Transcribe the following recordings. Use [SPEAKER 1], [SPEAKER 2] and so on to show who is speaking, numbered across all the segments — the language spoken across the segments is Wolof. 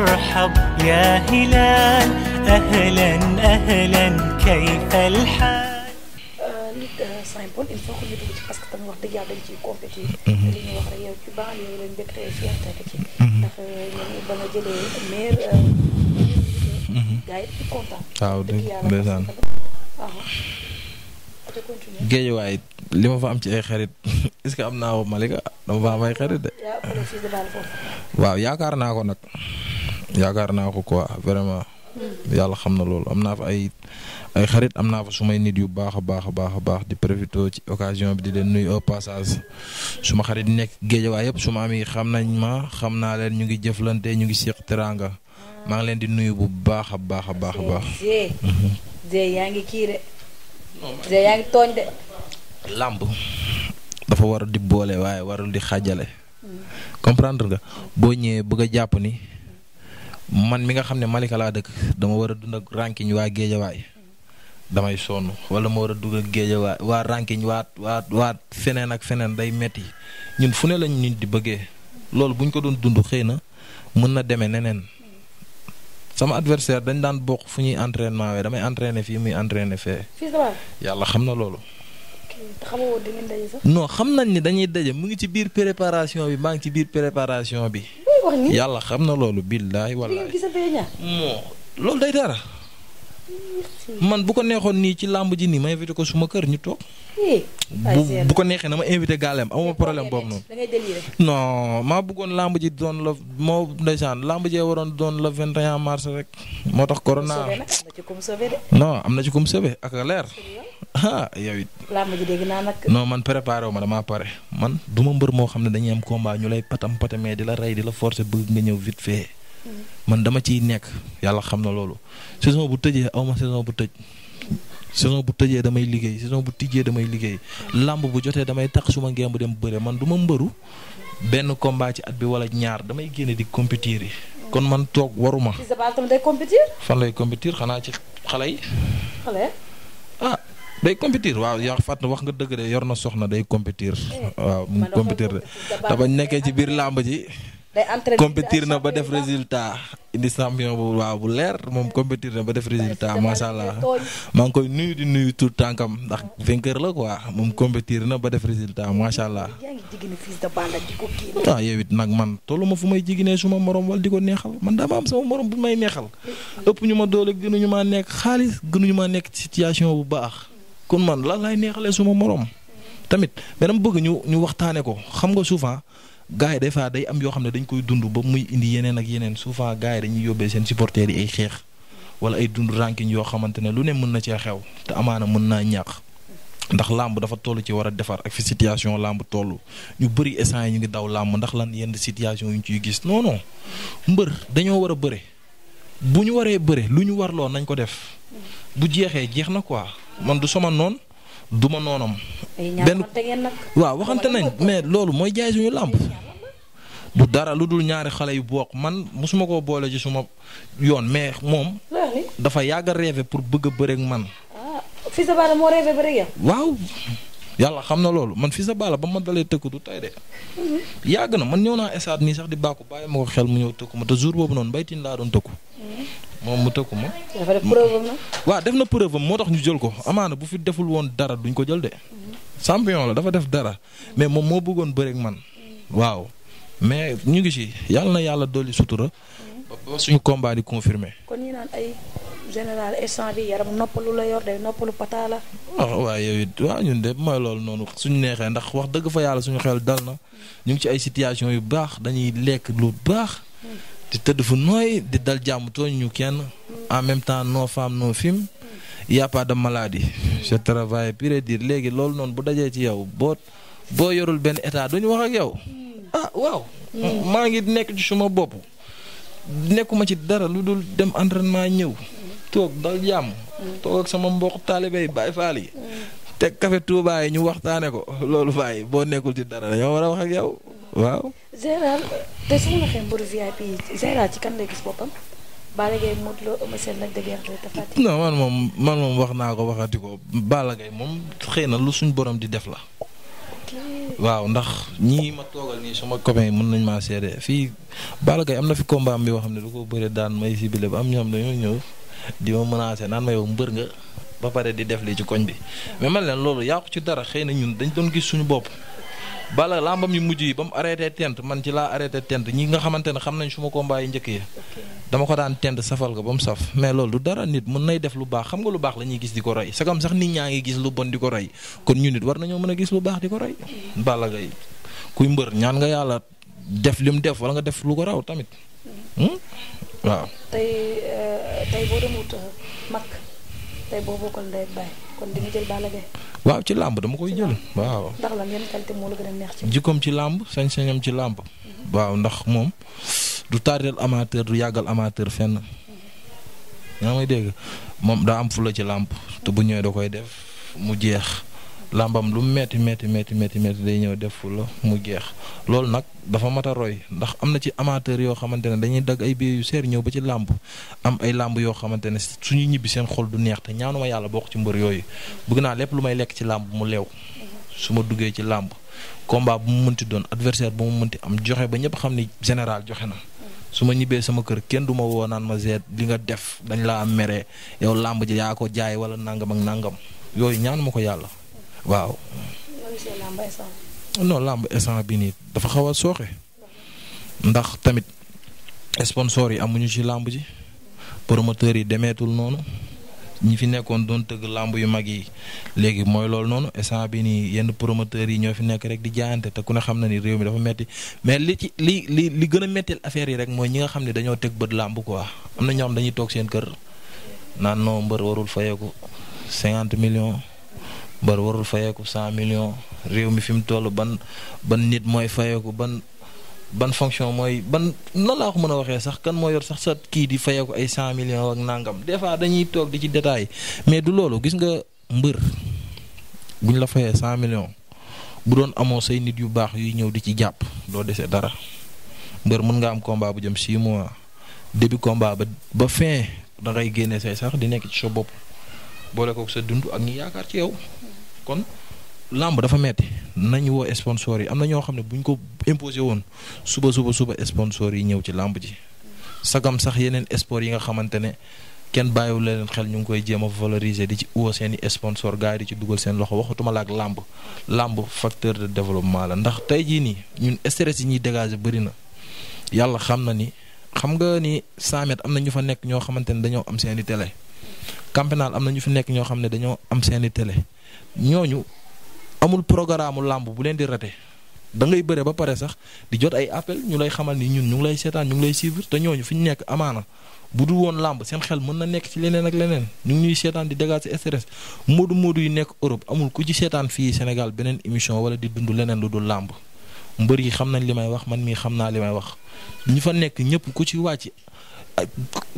[SPEAKER 1] وارحب يا هلال
[SPEAKER 2] أهلا أهلا كيف الحال
[SPEAKER 1] nit simple il faut que ñu dugg ci parce que tamit wax dëgg yàlla dañ ciy compétir. li ñu wax rek yow ci baax yow lañ njëkk a fierté ci. ndax yéen ba nga jëlee maire. gars yi kontaan. waaw dëgg ndeysaan
[SPEAKER 2] géejuwaay li ma fa am ci ay xarit est-ce que am naa woo Malika dama fa am ay xarit de. waaw yaakaar naa ko nag. yaakaar naa ko quoi vraiment. yàlla xam na loolu am naa fa ay ay xarit am naa fa sumay nit yu baax a baax a baax a baax di profité ci occasion bi di leen nuyu au passage suma xarit nekk géejawaay yëpp suma am yi xam nañ ma xam naa leen ñu ngi jëflante ñu ngi seq teraanga maa ngi leen di nuyu bu baax a baax a baax a baax. Zé
[SPEAKER 1] mhm. yaa ngi kii yaa ngi tooñ de.
[SPEAKER 2] làmb dafa war di boole waaye warul di xaajale. Mm. comprendre nga boo ñëwee bëgg a jàpp ni. man mi nga xam ne Malika laa dëkk dama war a dund ak ranking waa géejawaay damay sonn wala ma war a dund ak géejawaay waa ranking waa waa waa feneen ak feneen day metti ñun fu ne lañ nit di bëggee loolu bu buñ ko doon dund xëy na mën na demee neneen sama adversaire dañ daan bokk fu ñuy entraînement waaye damay entraîné fii muy entraîné fee. yàlla xam na loolu. noo xam nañ ni dañuy daje mu ngi ci biir préparation bi maa ngi ci biir préparation bi. yàlla xam na loolu billaay wallaay. moo loolu day dara. man bu ko neexoon nii ci làmb ji nii may invité ko suma kër ñu toog.
[SPEAKER 1] bu ko neexee na ma invité
[SPEAKER 2] gàllem amuma problème boobu noonu. da non maa bëggoon làmb ji doon la moo ndeysaan lamb jee waroon doon la 21 mars rek. moo tax corona non am na ci kum sauvé ak leer. ah yow nag. non man préparé wu ma damaa pare man du ma mbër moo xam ne dañuy am combat ñu lay patam patamee di la rey di la forcer bëgg nga ñëw vite fait. Mm-hmm. man dama ciy nekk yàlla xam na loolu saison bu tëjee aw ma saison bu tëj. saison bu tëjee damay liggéey saison bu tijjee damay liggéey làmb bu jotee damay tax suma ngemb dem bëre man du ma mbëru benn combat ci at bi wala ñaar damay génne di compétir yi. kon man toog waruma. Fils
[SPEAKER 1] de
[SPEAKER 2] fan lay compétir xanaa ci xale yi. xale. ah day compétir waaw yaa fàtt wax nga dëgg de yor na soxna day compétir. Eh, waaw mu compétir de te nekkee ci biir làmb ji.
[SPEAKER 1] day entraîner compétir
[SPEAKER 2] na ba def résultat. indi champion bu waaw bu leer moom compétir na ba def résultat macha allah maa ngi koy nuyu di nuyu tout tànkam ndax vainqueur la waa moom compétir na ba def résultat macha allah.
[SPEAKER 1] waaw
[SPEAKER 2] ah, yow it nag man tollu ma fu may jigéen suma morom wala di ko neexal man dama am sama morom bu may neexal. ëpp ñu ma doole gënuñu maa nekk xaalis gënuñu maa nekk situation bu baax kon man lan laay neexalee suma moroom tamit mais dama bëgg ñu waxtaanee ko xam nga souvent gars yi des fois day am yoo xam ne dañ koy dund ba muy indi yeneen ak yeneen souvent gars yi dañuy yóbbee seen supporters yi ay xeex wala ay dund ranking yoo xamante ne lu ne mën na cee xew te amaana mën naa ñàkk ndax làmb dafa toll ci war a defar ak fi situation làmb toll ñu bëri essant yi ñu ngi daw làmb ndax lan yenn situation yu ñu ciy gis non mbër dañoo war a bëre bu ñu waree bëre lu ñu warloo nañ ko def bu jeexee jeex na quoi man du sama noon du ma
[SPEAKER 1] benn waaw waxante nañ
[SPEAKER 2] mais loolu mooy jaay suñu làmb du dara lu dul ñaari xale yu bokk man mosuma koo boole ci suma yoon mais moom. dafa yàgg a pour bëgg a bëreeg man.
[SPEAKER 1] Ah, Fils de Balla moo rêvé bëreeg yow.
[SPEAKER 2] waaw yàlla xam na loolu man Fils sa baala ba ma dalee tëkk du tey de. Mhm. yàgg na man ñëw naa esaat nii sax di bàkku bàyyi ma ko xel mu ñëw tëkku ma te jour boobu noonu baytin laa doon tëkku. Mhm. moom mu tëkku ma.
[SPEAKER 1] dafa def preuve na.
[SPEAKER 2] waaw def moo tax ñu jël ko amaana bu fi deful woon dara duñ ko jël de. Mhm. champion la dafa def dara mais moom moo bëggoon bëreek man waaw mais ñu ngi ci yàlla na yàlla dolli sutura. suñu combat di confirmé.
[SPEAKER 1] kon ñu naan ay général instant bi yaram noppalu la yor day noppalu pata ah,
[SPEAKER 2] waaw waaye yow it ñun de mooy loolu noonu suñu neexee ndax wax dëgg fa yàlla suñu xel dal na ñu ngi ci ay situation yu baax dañuy lekk lu baax. di tëdd fu nooy di dal jàmm ñu kenn en même temps noo femme noo film y a pas de maladie léegi loolu noonu bu dajee ci yow boo boo yorul benn état duñu wax ak yow ah waaw hmm. ngi nekk ci suma bopp nekkuma ci dara lu dul dem entraînement ñëw toog jàmm hmm. ak sama mboq taalibe yi Baay Faal yi hmm. teg café Touba yi ñu waxtaane ko loolu faay boo nekkul ci dara dañoo war a wax ak yow waaw.
[SPEAKER 1] Général te su ma waxee mbiru VIP yi Général ci kan gis boppam. Balla Gaye
[SPEAKER 2] moom man wax naa ko waxati ko moom xëy na lu suñ borom di def la. waaw ndax ñii ma toogal nii suma sama yi mën nañ maa seede fii Balla Gaye am na fi combat bi yoo xam ne du ko bëree daan may si bile ba am ñoom dañoo ñëw di ma menacer naan ma yow mbër nga ba pare di def lii ci koñ bi mais man leen loolu yàqu ci dara xëy na ñun dañ doon gis suñu bopp. bala mbam yu mujj yi ba mu arrêté tent man ci laa arrêté tent ñi nga xamante ne xam nañ suma combat yi njëkk yi dama ko daan tent safal ko ba mu saf mais loolu du dara nit mën nay def lu baax xam nga lu baax la ñuy gis di ko sa sagam sax nit ñaa ngi gis lu bon di ko roy kon ñu nit war nañoo mën a gis lu baax di ko roy Balla Gaye kuy mbër ñaan nga yàlla def li mu def wala nga def lu ko raw tamit mm-hmm. hmm? waaw tey
[SPEAKER 1] euh, tey
[SPEAKER 2] waaw ci làmb dama koy jël waaw. ndax ci. làmp ci sañ-sañam ci làmb. Mhm. waaw ndax moom du tardel amateur du yàggal amateur fenn. Mhm. yaa may dégg moom daa am fula ci làmp te bu ñëwee da koy def mu jeex. làmbam lu metti metti metti metti metti day ñëw def fu la mu jeex loolu nag dafa mat a roy ndax am na ci amateur yoo xamante ne dañuy dagg ay biir yu seer ñëw ba ci làmb am ay làmb yoo xamante ne suñu ñibbi seen xol du neex te ñaanuma yàlla bokk ci mbër yooyu bëgg naa lépp lu may lekk ci làmb mu leew su ma duggee ci làmb combat bu mu mënti doon adversaire bu mu mënti am joxe ba ñëpp xam ni général joxe na su ma ñibbee sama kër kenn du ma woo naan ma seet li nga def dañ laa am mere yow làmb ji yaa ko jaay wala nangam ak nangam yooyu ñaan ma ko yàlla waaw. non làmb instant bi nii dafa xaw a sooxe. ndax tamit sponsor yi amuñu ci làmb ji. promoteurs yi demeetul noonu. ñi fi nekkoon doon tëgg làmb yu mag yi léegi mooy loolu noonu instant bi nii yenn promoteurs yi ñoo fi nekk rek di jaayante te ku ne xam na ni réew mi dafa metti mais li ci li li li gën a affaire yi rek mooy ñi nga xam ne dañoo teg bët làmb ko am na ñoo xam dañuy toog seen kër naan noo mbër warul fayeeku cinquante million bar warul fayeeku cent million réew mi fi mu toll ban ban nit mooy fayeeku ban ban fonction mooy ban nan laa mën a waxee sax kan moo yor sax sa kii di fayeeku ay cent millions ak nangam des fois dañuy toog di ci détail mais du loolu gis nga mbër buñ la fayee cent million bu doon amoo say nit yu baax yuy ñëw di ci jàpp doo desee dara mbër mën nga am combat bu jëm six mois début combat ba ba fin da génne say sax di nekk ci sa bopp boole ko sa dund ak yaakaar ci yow. kon làmb dafa metti nañ woo sponsor yi am na ñoo xam ne bu ñu ko imposé woon suba suba suba sponsor yi ñëw ci làmb ji sagam sax yeneen sport yi nga xamante ne kenn bàyyiwul leen xel ñu ngi koy jéem a valoriser di ci woo seen i sponsor gars yi di ci dugal seen loxo waxatuma la ak làmb làmb facteur de développement la ndax tey jii nii ñun stress yi ñuy dégager bëri na yàlla xam na ni xam nga ni 100 mètres am na ñu fa nekk ñoo xamante ne dañoo am seen i télé. campénal am na ñu fi nekk ñoo xam ne dañoo am seen ñooñu amul programme làmb bu leen di rate da ngay bëre ba pare sax di jot ay appel ñu lay xamal ni ñun ñu ngi lay seetaan ñu ngi lay suivre te ñooñu fi ñu nekk amaana bu dul woon làmb seen xel mën na nekk ci leneen ak leneen ñu ngi ñuy seetaan di dégager ci stress moodu moodu yi nekk Europe amul ku ci seetaan fii Sénégal beneen émission wala di dund leneen lu dul làmb mbër yi xam nañ li may wax man mii xam naa li may wax ñu fa nekk ñëpp ku ci wàcc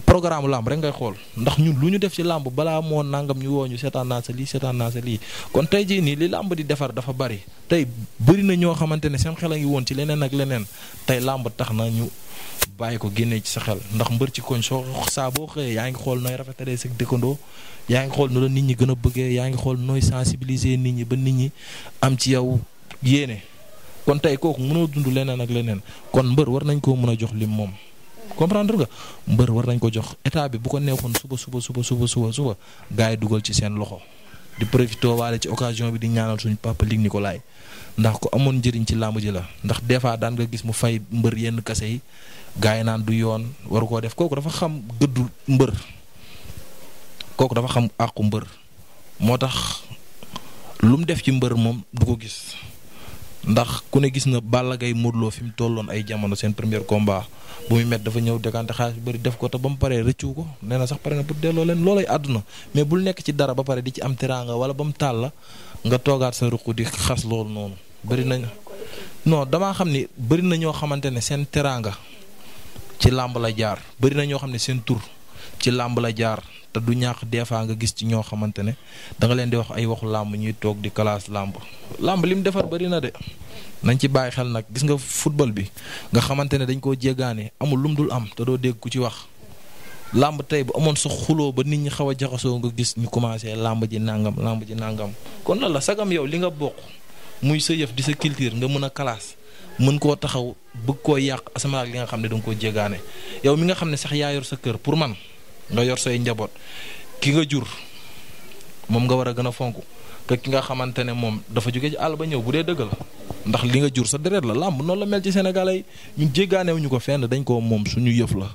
[SPEAKER 2] programme làmb rek ngay xool ndax ñun lu ñu def ci làmb balaa moo nangam ñu woo ñu seetaan naa sa lii seetaan naa sa lii kon tey jii nii li làmb di defar dafa bari tey bëri na ñoo xamante ne seen xel a ngi woon ci leneen ak leneen tey làmb tax na ñu bàyyi ko génnee ci sa xel ndax mbër ci koñ soo saa boo xëyee yaa ngi xool nooy rafetalee sa dëkkandoo yaa ngi xool nu la nit ñi gën a bëggee yaa ngi xool nooy sensibiliser nit ñi ba nit ñi am ci yow yéene kon kooku mënoo dund leneen ak leneen kon mën jox lim moom comprendre nga mbër war nañ ko jox état bi bu ko neexoon suba suba suba suba suba suba gars yi dugal ci seen loxo di profité waale ci occasion bi di ñaanal suñu papa Ligue Nicolas ndax ku amoon njëriñ ci làmb ji la ndax des fois daan nga gis mu fay mbër yenn kase yi gars yi naan du yoon waru koo def kooku dafa xam gëddu mbër kooku dafa xam àqu mbër moo tax lu def ci mbër moom du ko gis. ndax ku ne gis na Balla Gaye Modou Lo fi mu tolloon ay jamono seen première combat bu muy met dafa ñëw décanté xaalis bu bari def ko te ba mu paree rëccu ko nee na sax pare na pour delloo leen loolay àdduna mais bul nekk ci dara ba pare di ci am teraanga wala ba mu taal la nga toogaat sa ruq di xas loolu noonu bari nañ non damaa xam ni bëri na ñoo xamante ne seen teraanga ci làmb la jaar bëri na ñoo xam ne seen tur ci làmb la jaar te du ñàq des fois nga gis ci ñoo xamante ne da leen di wax ay waxu làmb ñuy toog di kalaas làmb làmb li mu defar bëri na de nañ ci bàyyi xel nag gis nga football bi nga xamante ne dañ koo jéggaane amul lum dul am te dégg ku ci wax. làmb tey bu amoon sa xuloo ba nit ñi xaw a jaxasoo nga gis ñu commencé làmb ji nàngam làmb ji nàngam kon la la sagam yow li nga bokk muy sa yëf di sa culture nga mën a classe mën koo taxaw bëgg koo yàq asamaan li nga xam ne da nga koo jéggaane yow mi nga xam ne sax yaa sa kër pour man. nga yor say njaboot ki nga jur moom nga war a gën a fonk te ki nga xamante ne moom dafa jóge ci àll ba ñëw bu dee dëgg la ndax li nga jur sa deret la làmb noonu la mel ci Sénégalais ñu ñun jéggaaneewuñu ko fenn dañ koo moom suñu yëf la.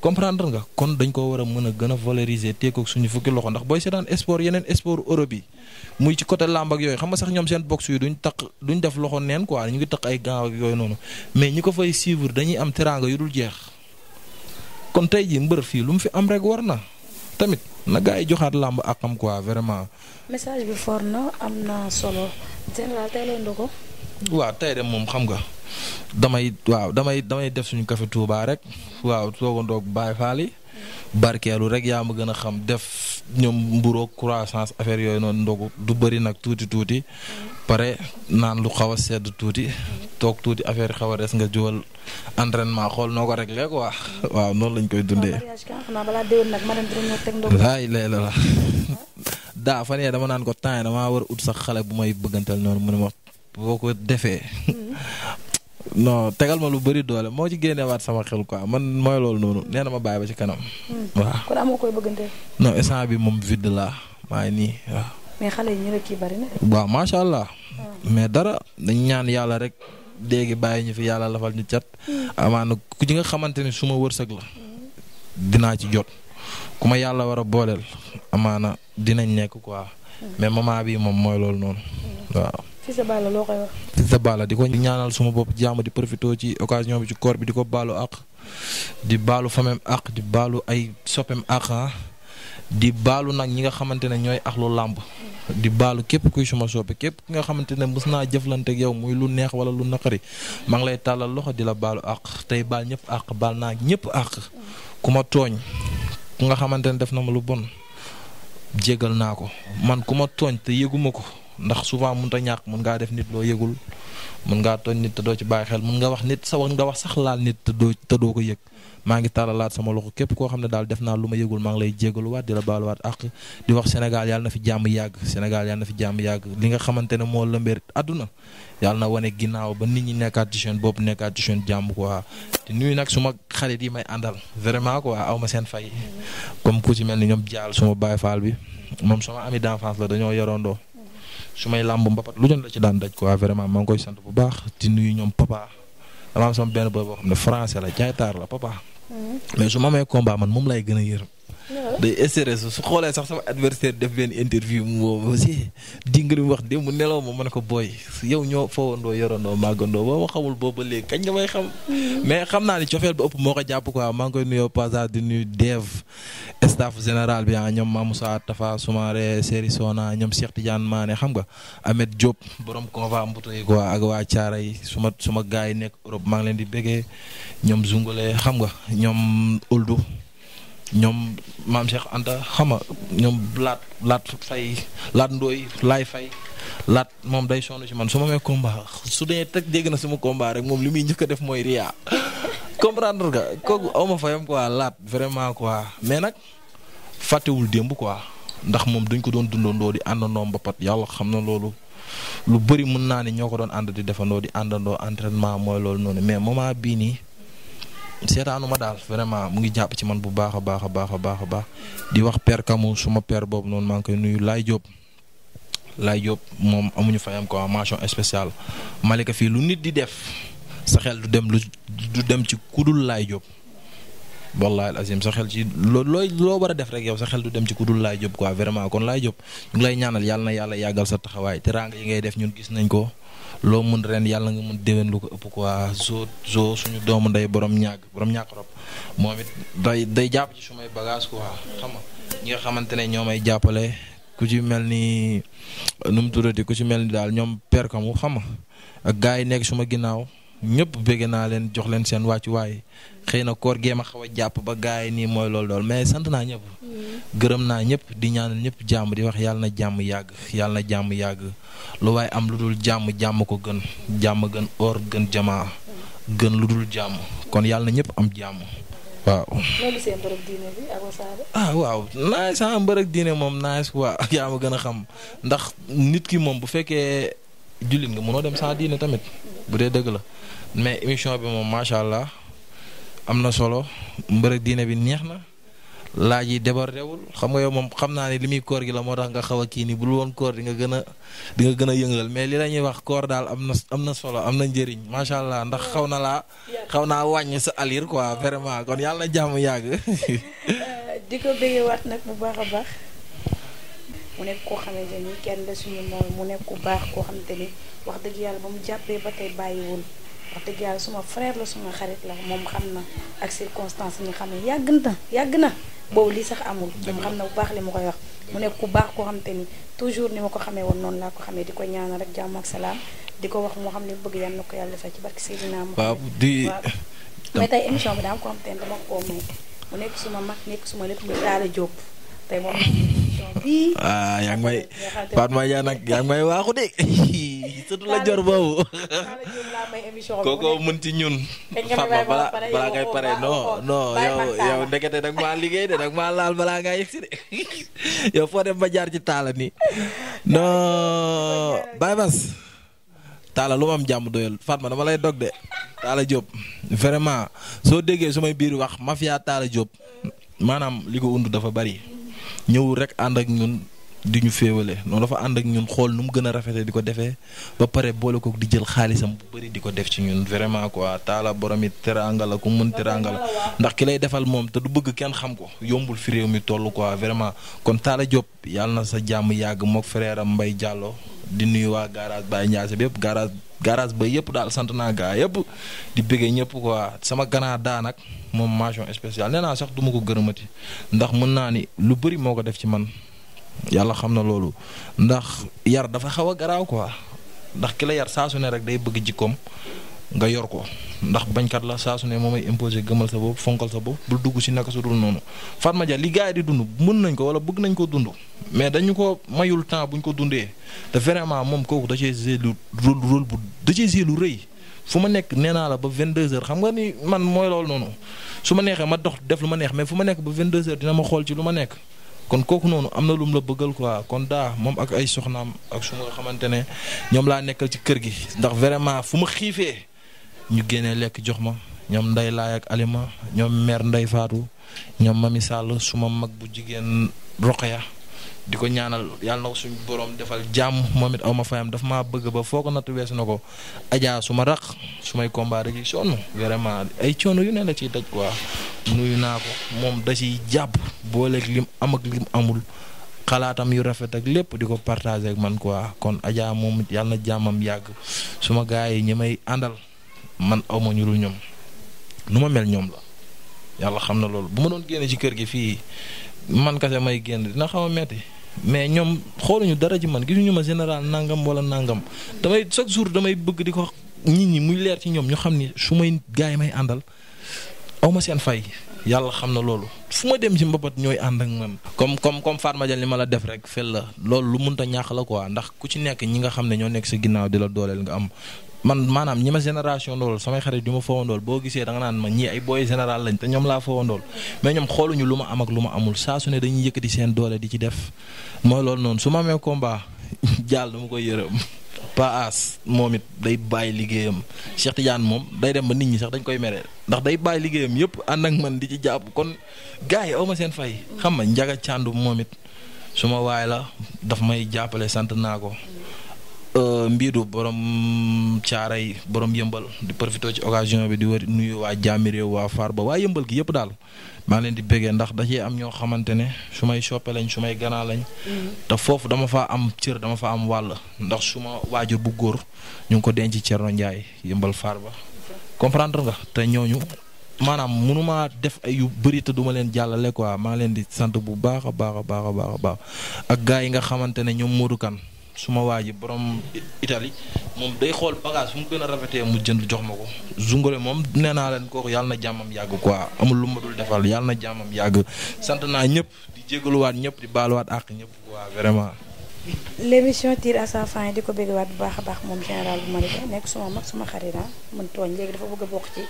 [SPEAKER 2] comprendre nga kon dañ ko war a mën a gën a valoriser teekoog suñu fukki loxo ndax booy seetaan sport yeneen sport Europe yi muy ci coté làmb ak yooyu xam nga sax ñoom seen box yi duñ taq duñ def loxo neen quoi ñu ngi taq ay yooyu noonu mais ñi ko fay suivre dañuy am teraanga yu jeex. kon tey jii mbër fii lu mu fi am rek war na tamit na gaa joxaat làmb ak am quoi vraiment.
[SPEAKER 1] message bi for na am na solo. général tey leen ko.
[SPEAKER 2] waaw tey de moom xam nga damay waaw damay damay def suñu café Touba rek waaw soogandoog Baye Fall yi barkeelu rek yaa ma gën a xam def ñoom mburoog croissance affaire yooyu noonu ndogu du bari nag tuuti tuuti pare naan lu xaw a sedd tuuti toog tuuti affaire xaw a des nga juwal entrenement xool noo ko rek réglé quoi waaw noonu lañ koy dundee. laay lay la la daa fan yee dama naan ko temps dama war a ut sax xale bu may bëggantal noonu mu ne ma boo ko defee. Mm-hmm. non tegal ma lu bari doole moo ci génneewaat sama xel quoi man mooy loolu noonu nee na ma bàyyi ba ci kanam.
[SPEAKER 1] Hmm. waaw kon amoo koy bëggante.
[SPEAKER 2] instant bi moom vide la maa ngi nii
[SPEAKER 1] waaw.
[SPEAKER 2] mais macha allah. Hmm. mais dara dañ ñaan yàlla rek léegi bàyyi ñu fi yàlla lafal ñu cat. Hmm. amaana ku ci nga xamante ni su ma wërsëg la. dinaa ci jot ku ma yàlla war a booleel amaana dinañ nekk quoi. mais maman bi moom mooy loolu noonu waaw. Fils de di ko ñaanal suma bopp jàmm di profité ci occasion bi ci koor bi di ko baalu àq di baalu famem àq di baalu ay soppem àq ah, di baalu nag ñi nga xamante ne ñooy axlu lu làmb di baalu képp kuy suma soppe képp ki nga xamante ne mës naa jëflante ak yow muy lu neex wala lu naqari maa ngi lay tàllal loxo di la baalu àq tey baal ñëpp àq baal naa ñëpp àq ku ma tooñ ku nga xamante ne def na ma lu bon jéggal naa ko man ku ma tooñ te yëguma ko ndax souvent mun a ñàkk mën ngaa def nit loo yëgul mën ngaa tooñ nit te doo ci bàyyi xel mën nga wax nit sa wax nga wax sax laal nit te doo doo ko yëg maa ngi tàllalaat sama loxo képp koo xam ne daal def naa lu ma yëgul maa ngi lay jégaluwaat di la baaluwaat ak di wax Sénégal yàlla na fi jàmm yàgg Sénégal yàlla na fi jàmm yàgg li nga xamante ne moo lëmbee àdduna yàlla na wane ginnaaw ba nit ñi nekkaat ci seen bopp nekkaat ci seen jàmm quoi te nuyu nag su ma xarit yi may àndal vraiment quoi aw ma seen fay comme ku ci mel ni ñoom jaal suma baay faal bi moom sama ami d'enfance la dañoo yorondoo su may làmb mbapat lu doon la ci daan daj quoi vraiment maa ngi koy sant bu baax di nuyu ñoom papa dama am benn booy boo xam ne français la taar la papa. Mm. mais su ma amee combat moom lay gën a yërëm day stress su xoolee sax sama adversaire def benn interview moom aussi dinga li mu wax de mu nelaw ma mën ko booy yow ñoo fowandoo yorandoo màggandoo boo ma xamul boobu ba léegi kañ nga may xam. Mm-hmm. mais xam naa ni cofeel ba ëpp moo ko jàpp ko maa ngi koy nuyoo passage di nuyu dev général bi ah ñoom Mamoussa Tafa Soumaré Seri Sona ñoom Cheikh Tidiane Mané xam nga Ahmed Diop borom conva mbuto yi ak waa Caara yi suma suma gars yi nekk Europe maa ngi leen di bëggee ñoom Zungale xam nga ñoom Oldou. ñoom maam Cheikh Anta xama ñoom laat laat fay laat ndooy laay fay laat moom day sonn ci man su ma mee combat su dee teg dégg na sama combat rek moom li muy njëkk a def mooy ria comprendre nga kooku aw ma fayam quoi laat vraiment quoi mais nag fàttewul démb quoi ndax moom dañ ko doon dundandoo di àndandoo mbapat yàlla xam na loolu lu bëri mun naa ne ñoo ko doon ànd di defandoo di àndandoo entraînement mooy loolu noonu mais moment bii nii. seetaanu ma daal vraiment mu ngi jàpp ci man bu baax a baax a baax a baax a baax di wax per Kamou suma père boobu noonu maa ngi koy nuyu Laye Diop Laye Diop moom amuñu fayam quoi mention spéciale Malika fii lu nit di def sa xel du dem lu du dem ci kudul Laye Diop wallahi alazim sa xel ci loo looy loo war a def rek yow sa xel du dem ci kudul dul Laye Diop quoi kon Laye Diop ñu ngi lay ñaanal yàlla yàlla yàggal sa taxawaay teraanga yi ngay def ñun gis nañ ko loo mun ren yàlla nga mun déwén lu ko ëpp quoi zo zo suñu doomu nday boroom ñàgg boroom ñàkk rob moom it day jàpp ci sumay bagage quoi xam nga ñi nga xamante ne ñoo may jàppale ku ci mel nii nu mu tuddati ku ci mel ni daal ñoom perkamu xam xama ak gars yi nekk suma ginnaaw. ñëpp bëgg naa leen jox leen seen wàccuwaay xëy na koor gee ma xaw a jàpp ba gars yi nii mooy loolu dool mais sant naa ñëpp. Mm. gërëm naa ñëpp di ñaanal ñëpp jàmm di wax yàlla na jàmm yàgg yàlla jàmm yàgg lu waaye am lu dul jàmm jàmm ko gën jàmm gën or gën jamaa gën lu dul jàmm kon yàlla na ñëpp am jàmm. waaw
[SPEAKER 1] loolu seen mbërëg diine bi
[SPEAKER 2] ah waaw naaj ah, sama moom naaj quoi gën a xam ndax nit ki moom bu fekkee jullit nga mënoo dem sa diine tamit. bu dee dëgg la mais émission bi moom macha allah am na solo mbër ak diine bi neex na laaj yi débordé wul xam nga yow moom xam naa ne li muy koor gi la moo tax nga xaw kii ni bul woon koor di nga gën a gën a yëngal mais li la ñuy wax koor daal am na am na solo am na njëriñ macha allah ndax xaw na laa xaw naa wàññi sa aliir quoi vraiment kon yàlla na jàmm yàgg.
[SPEAKER 1] Euh, di ko bëggee waat nag bu baax a baax. mu nekk koo xamante nii kenn la suñu moom mu nekk ku baax koo xamante ni wax dëgg yàlla ba mu jàppee ba tey bàyyiwul wax dëgg yàlla suma frère la suma xarit la moom xam na ak circonstance yi nga xam ne yàgg na yàgg na boobu lii sax amul. moom na bu baax li mu koy wax. mu nekk ku baax koo xam xamante ni toujours ni ma ko xamee woon noonu laa ko xamee di ko ñaanal rek jàmm ak salaam di ko wax moo xam ne bëgg yàlla na ko yàlla defal ci barke Seydina Muhammad.
[SPEAKER 2] waaw di mais tey
[SPEAKER 1] émission bi daa am koo xamante ni dama ko may mu nekk suma mag nekk suma l muy Talla Diop
[SPEAKER 2] ah yaa ngi may Fatma Dia nag yaa ngi waaxu de
[SPEAKER 1] surtout la jor boobu kooko mën
[SPEAKER 2] ci ñun Fatma balaa balaa ngay pare non non yow yow ndekete dag maa liggéey de nag maa laal balaa ngaa yegsi de yow foo dem ba jaar ci taala nii non Baye Bass taala lu mam jàmm doyal Fatma dama lay dog de Talla Diop vraiment soo déggee su may biir wax ah, mafia taala Diop maanaam li ko undu dafa bari ñëw rek ànd ak ñun di ñu féewale noonu dafa ànd ak ñun xool nu mu gën a rafetee di ko defee ba pare boole ko di jël xaalisam bu bëri di ko def ci ñun vraiment quoi taala borom it teraanga la ku mën teraanga la ndax ki lay defal moom te du bëgg kenn xam ko yombul fi réew mi toll quoi vraiment kon taala Diop yàlla na sa jàmm yàgg mook frère mbay jàlloo di nuyu waa garage Baye Ndiassé bi yëpp garage garage ba yëpp daal sant naa gaa yëpp di bëggee ñëpp quoi sama ganaa daa moom mention spéciale nee naa sax du ma ko gërëmati ndax mën naa ni lu bëri moo ko def ci man yàlla xam na loolu ndax yar dafa xaw a garaaw quoi ndax ki la yar saa ne rek day bëgg jikkoom nga yor ko ndax bañkat la saa su ne moomay imposé gëmal sa bopp fonkal sa bopp bul dugg si naka su dul noonu Fatma Dia li gars di dund mën nañ ko wala bëgg nañ ko dund mais dañu ko mayul temps buñ ko dundee te vraiment moom kooku da cee joué lu rôle bu da cee lu rëy fu ma nekk nee naa la ba 22h xam nga ni man mooy loolu noonu su ma neexee ma dox def lu ma neex mais fu ma nekk ba 22 ma xool ci lu ma nekk. kon kooku noonu am na lum la bëggal quoi kon daa moom ak ay soxnaam ak su ma nga xamante ne ñoom laa nekkal ci kër gi ndax vraiment fu ma xiifee ñu génnee lekk jox ma ñoom nday laay ak alima ñoom mère nday faatu ñoom ma Sall su ma mag bu jigéen ya di ko ñaanal yàlla na ko suñu borom defal jàmm moom it aw ma fayam daf maa bëgg ba foo ko natt weesu na ko ajaa su ma raq su may combat da ciy vraiment ay coono yu ne la ciy daj quoi nuyu naa ko moom da ci jàpp booleeg lim am ak lim amul xalaatam yu rafet ak lépp di ko partagé ak man quoi kon ajaa moom yàlla na jàmmam yàgg suma gaa yi ñu may àndal man aw ma ñu dul ñoom nu ma mel ñoom la. yàlla xam na loolu bu ma doon génne ci kër gi fii man kase may génn dina xaw a metti mais ñoom xooluñu dara ci man gisuñu ma général nangam wala nangam damay chaque jour damay bëgg di ko nit ñi muy leer ci ñoom ñu xam ni su may gars yi may àndal aw ma seen fay yàlla xam na loolu fu ma dem ci mbapat ñooy ànd ak man. comme comme comme Fatma Diagne li ma la def rek fel la loolu lu munta ñàkk la ko quoi ndax ku ci nekk ñi nga xam ne ñoo nekk sa ginnaaw di la dooleel nga am man maanaam ñi ma génération ndool samay xarit yu ma foowandool boo gisee da naan ma ñii ay booy général lañ te ñoom laa ndool mais ñoom xooluñu lu ma am ak lu ma amul saa su ne dañuy yëkkati seen doole di ci def mooy loolu noonu su ma amee combat jaal ma koy yërëm pa moom it day bàyyi liggéeyam Cheikh Tidiane moom day dem ba nit ñi sax dañ koy meree ndax day bàyyi liggéeyam yëpp ànd ak man di ci jàpp kon gars yi aw ma seen fay xam nga njaga càndu moom it waay la daf may jàppale sant naa ko Euh, mbiidu borom caaray borom yëmbal di profité ci occasion bi di wër nuyu waa jaami réew waa faar ba waa yëmbal gi yëpp daal maa leen di bëggee ndax da cee am ñoo xamante ne su may soppe lañ su may ganaa lañ mm-hmm. te foofu dama fa am cër dama fa am wàll ndax su ma waajur bu góor ñu ngi ko denc Thierno Ndiaye yëmbal faar ba comprendre nga te ñooñu maanaam mënuma def ay yu bëri duma leen jàllale quoi maa leen di sant bu baax a baax a baax a baax a baax ak gaa yi nga xamante ne ñoom Modou Kane suma waa ji borom Italie moom day xool bagage fu mu gën a rafetee mu jënd jox ma ko Zoungale moom nee naa leen kooku yàlla na jàmmam yàgg quoi amul lu ma dul defal yàlla na jàmmam yàgg sant naa ñëpp di jégaluwaat ñëpp di baaluwaat àq ñëpp quoi vraiment.
[SPEAKER 1] l' émission tire à sa fin ko bëgg waat baax a baax moom général bu Malika nekk suma mag suma xarit ah, mën tooñ léegi dafa bëgg a bokk ci.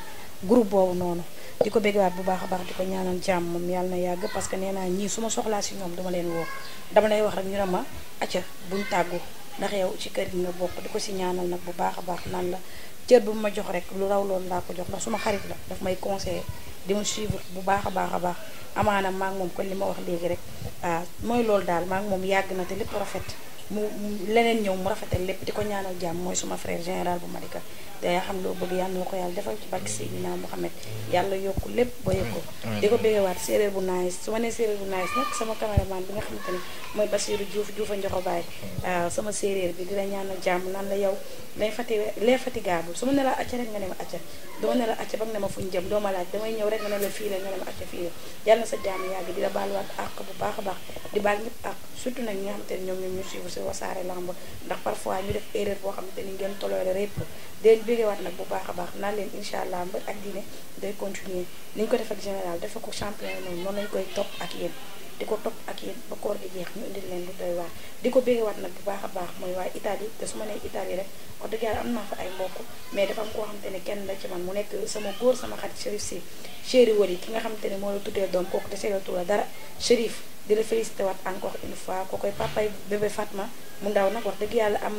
[SPEAKER 1] groupe boobu noonu di ko béggewaat bu baax a baax di ko ñaanal jàmm moom yàlla na yàgg parce que nee naa ñii su ma soxlaa si ñoom dama leen woo dama lay wax rek ñu ne ma acca buñ tàggu ndax yow ci kër gi nga bokk di ko si ñaanal nag bu baax a baax naan la cër bu ma jox rek lu raw loolu laa ko jox ndax suma xarit la daf may conseiller di ma suivre bu baax a baax a baax amaana maa ngi moom kon li ma wax léegi rek waaw mooy loolu daal maa moom yàgg na te rafet mu leneen ñëw mu rafetal lépp di ko ñaanal jàmm mooy suma frère général bu Malika te yaa xam loo bëgg yàlla na ko yàlla defal ci barke Seydina Mohamed yàlla yokk lépp ba yëg ko di ko béggewaat séeréer bu naagis su ma nee séeréer bu naagis nag sama caméraman bi nga xamante ne mooy Basirou Diouf Diouf a Njoxobaay waaw sama séeréer bi di la ñaanal jàmm naan la yow les fati les fatigables su ma ne la acca rek nga ne ma acca doo ne acca ba ne ma fuñ jëm doo ma laaj damay ñëw rek nga ne la fii la nga ne ma acca fii la yàlla na sa jaam yàgg di bu baax a baax di baal ñëpp àq surtout nag ñi nga xamante ne ñoom ñoom ñu suivre si wasaare lamb ndax parfois ñu def erreur boo xamante ni ngeen toloole répp déen bégewaat nag bu baax a baax naa leen incha allah mbër ak diine day continuer ni ñu ko def ak général dafa ko champion noonu noonu lañ koy topp ak yéen di ko topp ak yi ba koor gi jeex ñu leen lu doy waar di ko bégewaat nag bu baax a baax mooy waa Italie te su ma nee Italie rek wax dëgg yàlla am naa fa ay mbokk mais dafa am koo xamante ne kenn la ci man mu nekk sama góor sama xarit Chérif si chéri wali ki nga xamante ne moo la tuddee doom kooku desee la a dara Chérif di la félicité waat encore une fois ko koy papay bébé Fatma mu ndaw nag wax dëgg yàlla am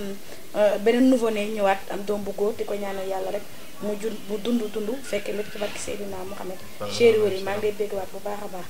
[SPEAKER 1] euh, beneen nouveau né ñëwaat am doom bu góor di ko ñaanal yàlla rek mu jun mu dund dund fekkee lépp ci barki Seydina Mouhamed chéri wali maa ngi bégg waat bu baax a baax